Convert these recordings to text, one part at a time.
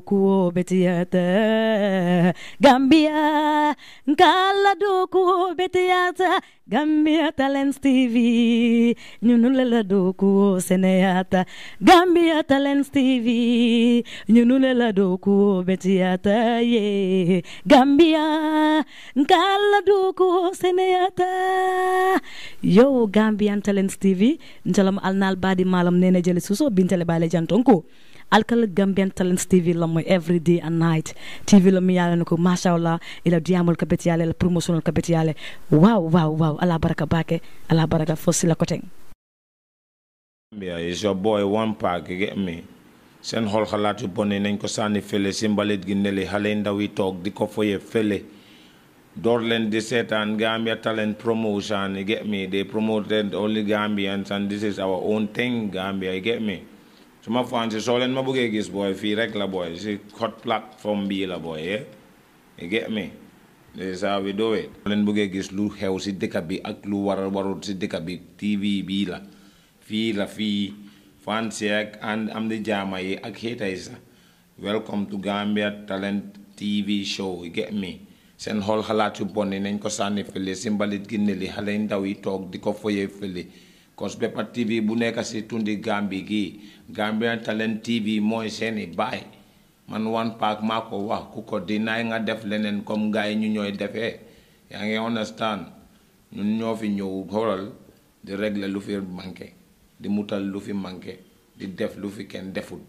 kuo betiata Gambia kala do kuo betiata Gambia Talents TV nyunulela do kuo seneata Gambia Talents TV nyunulela do kuo betiata ye Gambia kala do kuo yo Gambian Talents TV njalam alnal badi malam nene jeli suso bintele bale jantonko alkal gambian talents tv la moy every day and night tv la mi yalla nako ma ila diamol ka yalla la promotional ka yalla wow wow wow ala baraka bake ala baraka fosila koteng Gambia is your boy one pack you get me seen xol xalaat yu bon nañ ko sànni fële si gi neli xale ndaw yi toog di foye fële door leen di Gambia talent promotion you get me they promoted only Gambians and this is our own thing Gambia you get me su ma fans soo leen ma bëggee gis booy fii rek la booy si hot platform bii la booy yee eh? you get me this e how it soo leen bëggee gis lu xew si dëkk bi ak lu war a warul si dëkk bi TV bii la fii la fii fans yi ak and am di jaama yi ak xéeta yi sax welcome to Gambia Talent TV show you e get me seen xool xalaat yu bon yi nañ ko sànni fële si mbalit gi li xale ndaw yi toog di ko foyee fële Cosbepa TV bu nekk si tundi Gambie gii Gambian Talent TV mooy seeni baay man One Pac maa ko wax ku ko dinaay nga def leneen comme gars yi ñu ñooy defee yaa ngi understand ñun ñoo fi ñëw xoolal di régler lu fi manqué di mutal lu fi manqué di def lu fi kenn deful.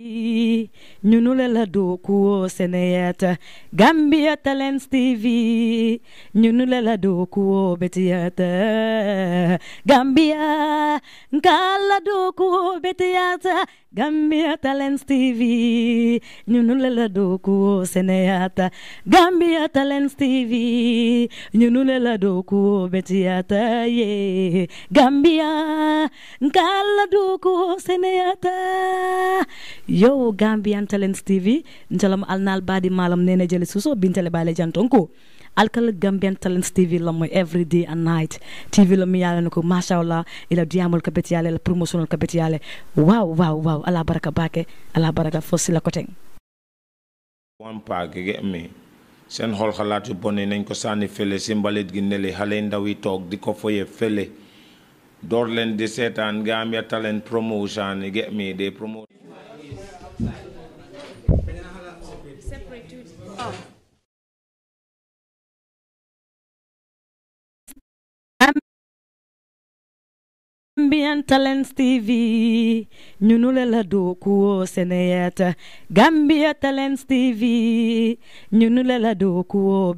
ñunulela do kuwo seneyata gambia talents tv ñunulela do kuwo betiyata gambia nkala do kuwo Gambia Talents TV ñu nu le la dooku woo Sénéata Gambia Talents TV ñu nu le la dooku woo Betiata yee Gambia nkaal la dooku woo Sénéata yow Gambian Talents TV ncalam alnaal baadi maalam neena jëli suso bintale baale jantonko alkal Gambian Talents TV la mooy every day and night TV la mi yàlla na ko ila diyamol kabet yàlla la promotion ol kabet yàlla waaw wow wow ala baraka baake ala baraka fo si la ko teg wan paa gege amee seen xol xalaat yu bon nañ ko sànni fële si gi neli xale ndaw yi toog di ko foye fële door leen di seetaan Gambian Talents promotion get me they promote I'm um, Gambian Talents TV ñunu la do kuwo Gambia Talents TV ñunu la do kuwo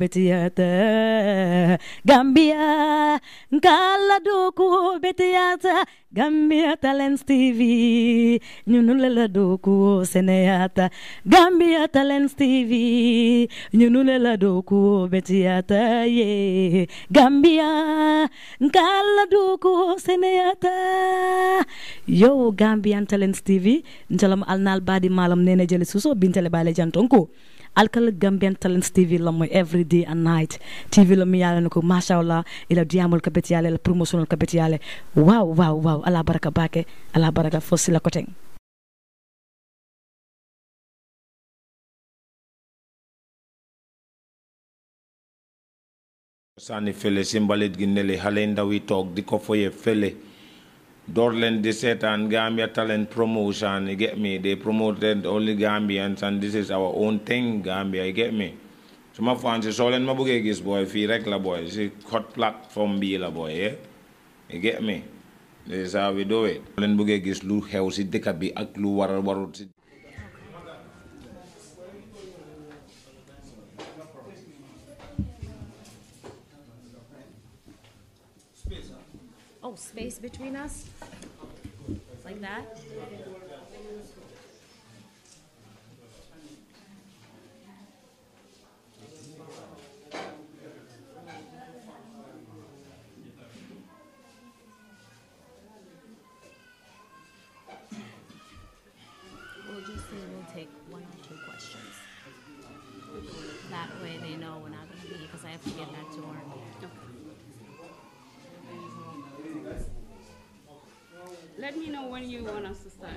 Gambia nkala do kuwo betiyata Gambia Talents TV ñunu la do Gambia Talents TV ñunu la do Gambia nkala do kuwo yo gambian talents tv njalam alnal badi malam nene jeli suso bintele bale jantonko alkal gambian talents tv lamo every day and night tv lo miyala nako mashallah ila diamol ka betiale ila promotional ka betiale wow wow wow ala baraka bake ala baraka fosila ko foye Dorland, they said, and Gambia talent promotion you get me they promoted only Gambians and this is our own thing Gambia you get me So my friends, it's all in my bëggee gis boy, if you la it's a cut platform bii la boy. yeah you get me this is how we do it soo leen bëggee gis lu can be dëkk bi a warut si oh, space between us, like that. We'll just say we'll take one or two questions. That way they know we're not gonna be, because I have to get back to work. let me know when you want us to start.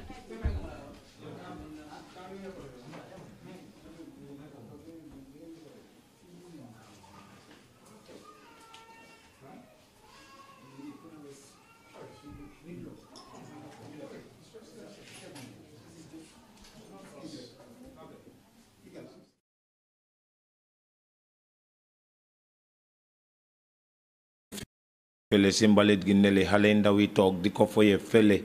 fële gi xale ndaw yi toog di ko foye fële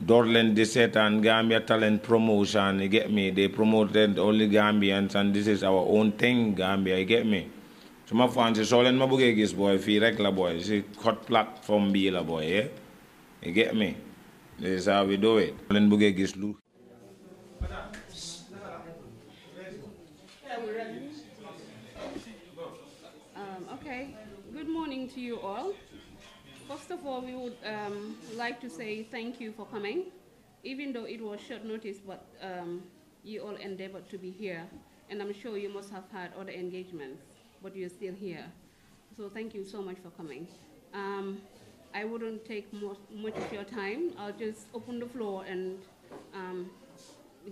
door leen di seetaan Gambia talent promotion get me they promoted only Gambians and this is our own thing Gambia get me soo leen ma gis fii rek la si hot platform bii la get me this is how we do it soo leen gis lu um, okay, good morning to you all. First of all, we would um, like to say thank you for coming, even though it was short notice, but um, you all endeavored to be here. And I'm sure you must have had other engagements, but you're still here. So thank you so much for coming. Um, I wouldn't take much, much of your time. I'll just open the floor and um,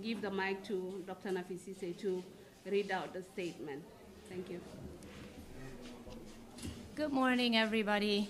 give the mic to Dr. Nafisise to read out the statement. Thank you. Good morning, everybody.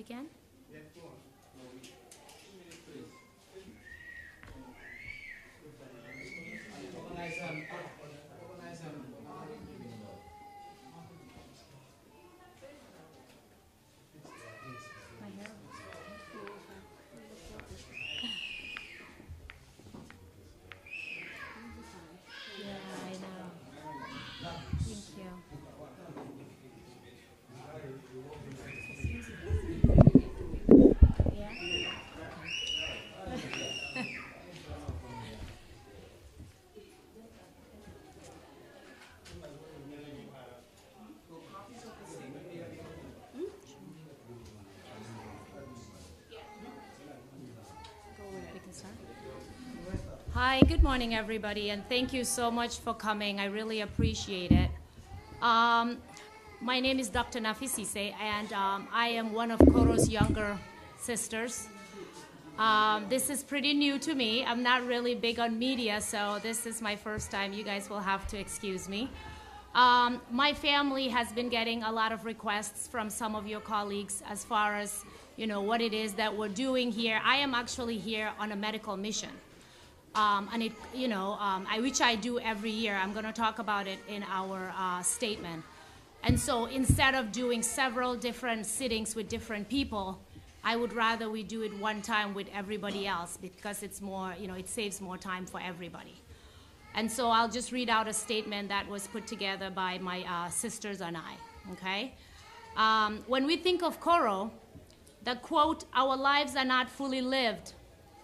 weekend? Yeah, Hi, good morning, everybody, and thank you so much for coming. I really appreciate it. Um, my name is Dr. Nafisise, and um, I am one of Koro's younger sisters. Um, this is pretty new to me. I'm not really big on media, so this is my first time. You guys will have to excuse me. Um, my family has been getting a lot of requests from some of your colleagues as far as you know what it is that we're doing here. I am actually here on a medical mission. Um, and it, you know, um, I, which I do every year. I'm going to talk about it in our uh, statement. And so instead of doing several different sittings with different people, I would rather we do it one time with everybody else because it's more, you know, it saves more time for everybody. And so I'll just read out a statement that was put together by my uh, sisters and I, okay? Um, when we think of Koro, the quote, our lives are not fully lived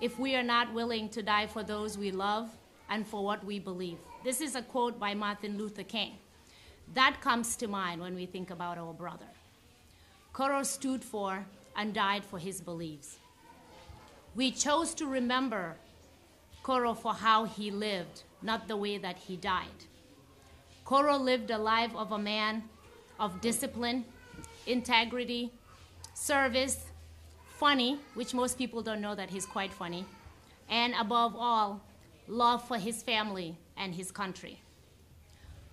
if we are not willing to die for those we love and for what we believe. This is a quote by Martin Luther King. That comes to mind when we think about our brother. Koro stood for and died for his beliefs. We chose to remember Koro for how he lived, not the way that he died. Koro lived a life of a man of discipline, integrity, service, funny, which most people don't know that he's quite funny, and above all, love for his family and his country.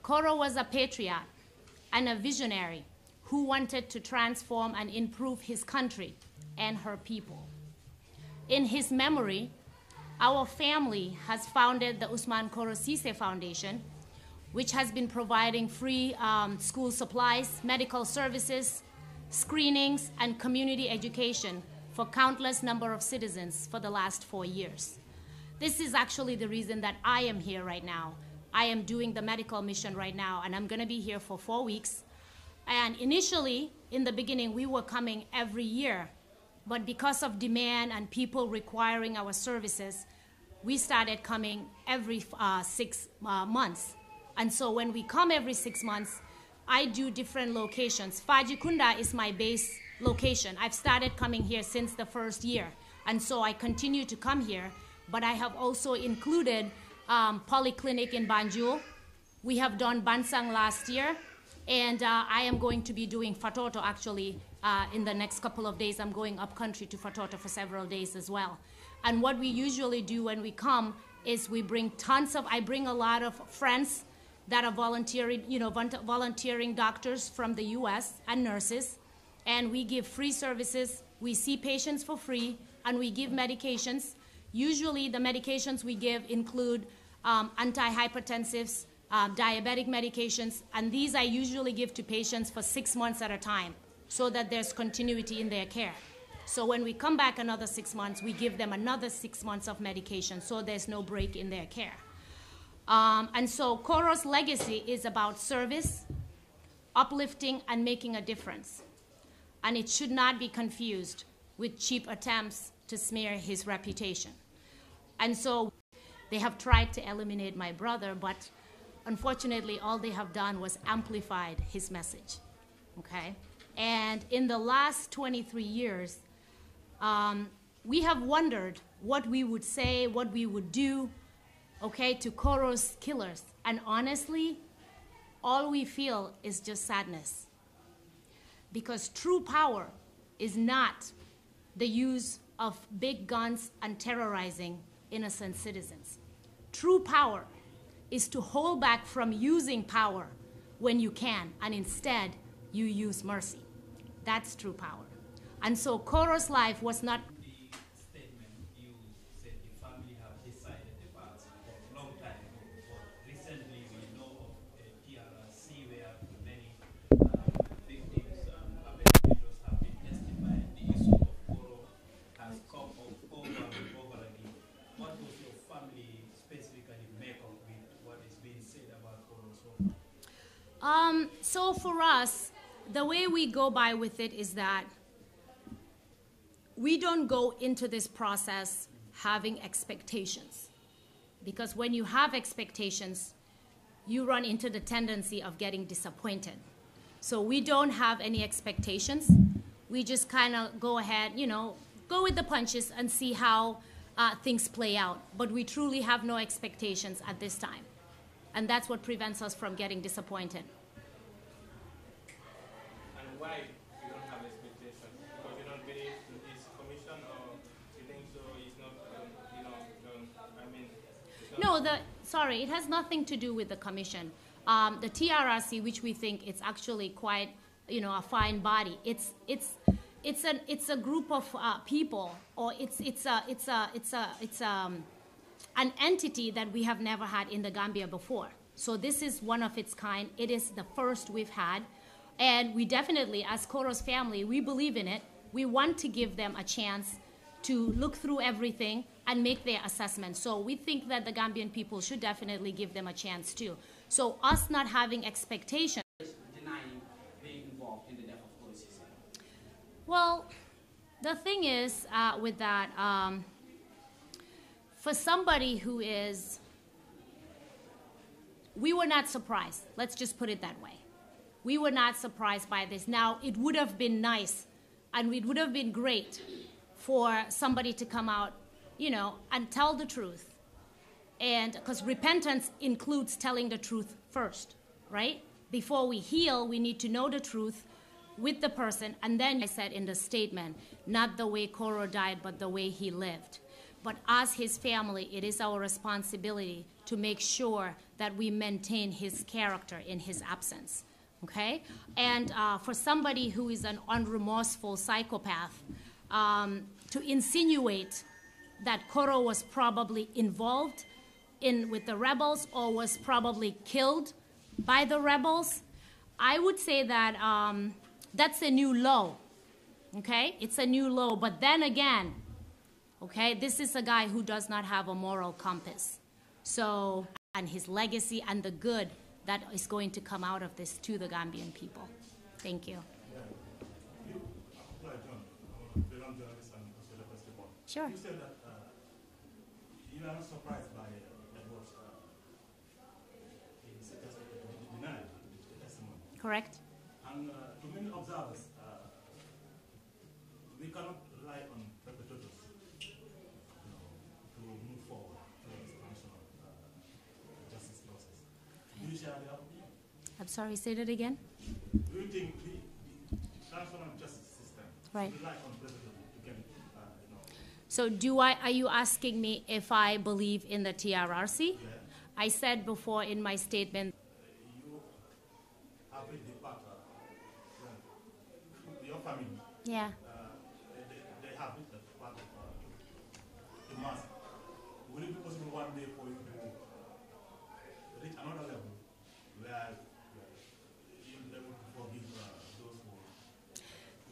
Koro was a patriot and a visionary who wanted to transform and improve his country and her people. In his memory, our family has founded the Usman Koro Sise Foundation, which has been providing free um, school supplies, medical services, screenings, and community education for countless number of citizens for the last four years. This is actually the reason that I am here right now. I am doing the medical mission right now, and I'm gonna be here for four weeks. And initially, in the beginning, we were coming every year, but because of demand and people requiring our services, we started coming every uh, six uh, months. And so when we come every six months, I do different locations. Fajikunda is my base location. I've started coming here since the first year, and so I continue to come here. But I have also included um, polyclinic in Banjul. We have done Bansang last year, and uh, I am going to be doing Fatoto actually uh, in the next couple of days. I'm going up country to Fatoto for several days as well. And what we usually do when we come is we bring tons of, I bring a lot of friends that are volunteering, you know, volunteering doctors from the U.S. and nurses, and we give free services. We see patients for free, and we give medications. Usually, the medications we give include um, antihypertensives, um, diabetic medications, and these I usually give to patients for six months at a time, so that there's continuity in their care. So when we come back another six months, we give them another six months of medication, so there's no break in their care. Um, and so Koro's legacy is about service, uplifting, and making a difference. And it should not be confused with cheap attempts to smear his reputation. And so they have tried to eliminate my brother, but unfortunately, all they have done was amplified his message. Okay? And in the last 23 years, um, we have wondered what we would say, what we would do, okay, to Koro's killers. And honestly, all we feel is just sadness. Because true power is not the use of big guns and terrorizing innocent citizens. True power is to hold back from using power when you can, and instead you use mercy. That's true power. And so Koro's life was not Um, so for us, the way we go by with it is that we don't go into this process having expectations. Because when you have expectations, you run into the tendency of getting disappointed. So we don't have any expectations. We just kind of go ahead, you know, go with the punches and see how uh, things play out. But we truly have no expectations at this time. And that's what prevents us from getting disappointed. And why you don't have expectations? Because you don't believe this commission or you think so it's not, um, you know, um, I mean... No, the, sorry, it has nothing to do with the commission. Um, the TRRC, which we think it's actually quite, you know, a fine body. It's, it's, it's an, it's a group of uh, people, or it's, it's a, it's a, it's a, it's a um, an entity that we have never had in the Gambia before. So this is one of its kind. It is the first we've had. And we definitely, as Koro's family, we believe in it. We want to give them a chance to look through everything and make their assessment. So we think that the Gambian people should definitely give them a chance too. So us not having expectations. Denying being involved in the death of Well, the thing is uh, with that, um, for somebody who is, we were not surprised. Let's just put it that way. We were not surprised by this. Now, it would have been nice and it would have been great for somebody to come out, you know, and tell the truth. And because repentance includes telling the truth first, right? Before we heal, we need to know the truth with the person. And then I said in the statement, not the way Coro died, but the way he lived. But as his family, it is our responsibility to make sure that we maintain his character in his absence. Okay? And uh, for somebody who is an unremorseful psychopath, um, to insinuate that Koro was probably involved in with the rebels or was probably killed by the rebels, I would say that um, that's a new low. Okay? It's a new low. But then again, Okay? This is a guy who does not have a moral compass. So, and his legacy and the good that is going to come out of this to the Gambian people. Thank you. Sure. You said that uh, you are not surprised by uh, Edward's uh, testimony. Correct. And uh, to many observers, uh, we cannot I'm sorry, say that again. Do you think the, justice system right. on president to get, uh, you know? So do I, are you asking me if I believe in the TRRC? I said before in my statement. Uh, yeah.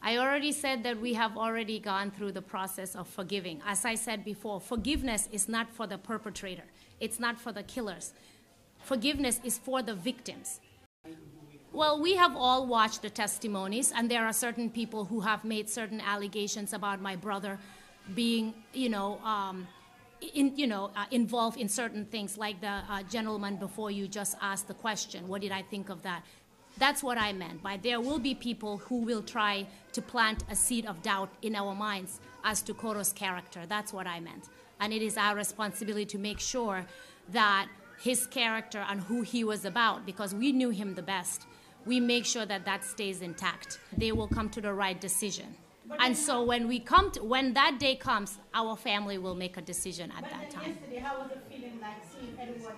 I already said that we have already gone through the process of forgiving. As I said before, forgiveness is not for the perpetrator, it's not for the killers. Forgiveness is for the victims. Well, we have all watched the testimonies, and there are certain people who have made certain allegations about my brother being, you know, um, in, you know, uh, involved in certain things, like the uh, gentleman before you just asked the question, what did I think of that? That's what I meant by there will be people who will try to plant a seed of doubt in our minds as to Koro's character. That's what I meant. And it is our responsibility to make sure that his character and who he was about, because we knew him the best, we make sure that that stays intact. They will come to the right decision. But and so when we come to, when that day comes, our family will make a decision at that time. Yesterday, how was it feeling like seeing everyone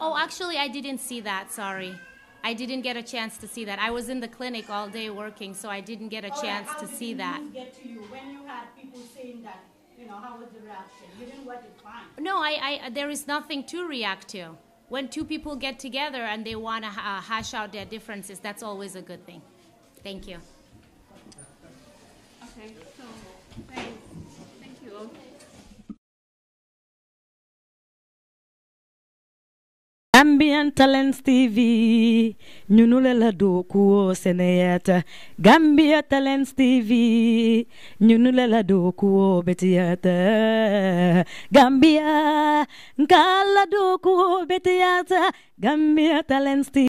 Oh, actually, I didn't see that. Sorry. I didn't get a chance to see that. I was in the clinic all day working, so I didn't get a all chance right, to see that. get to you when you had people saying that? You know, how was the reaction? You didn't want to find. No, I, I, there is nothing to react to. When two people get together and they want to uh, hash out their differences, that's always a good thing. Thank you. Okay, so. Gambian Talents TV ñu nu la la dookuwoo Sénéyata Gambia Talents TV ñu nu la la Gambia nka la dookuwoo Gambia Talents TV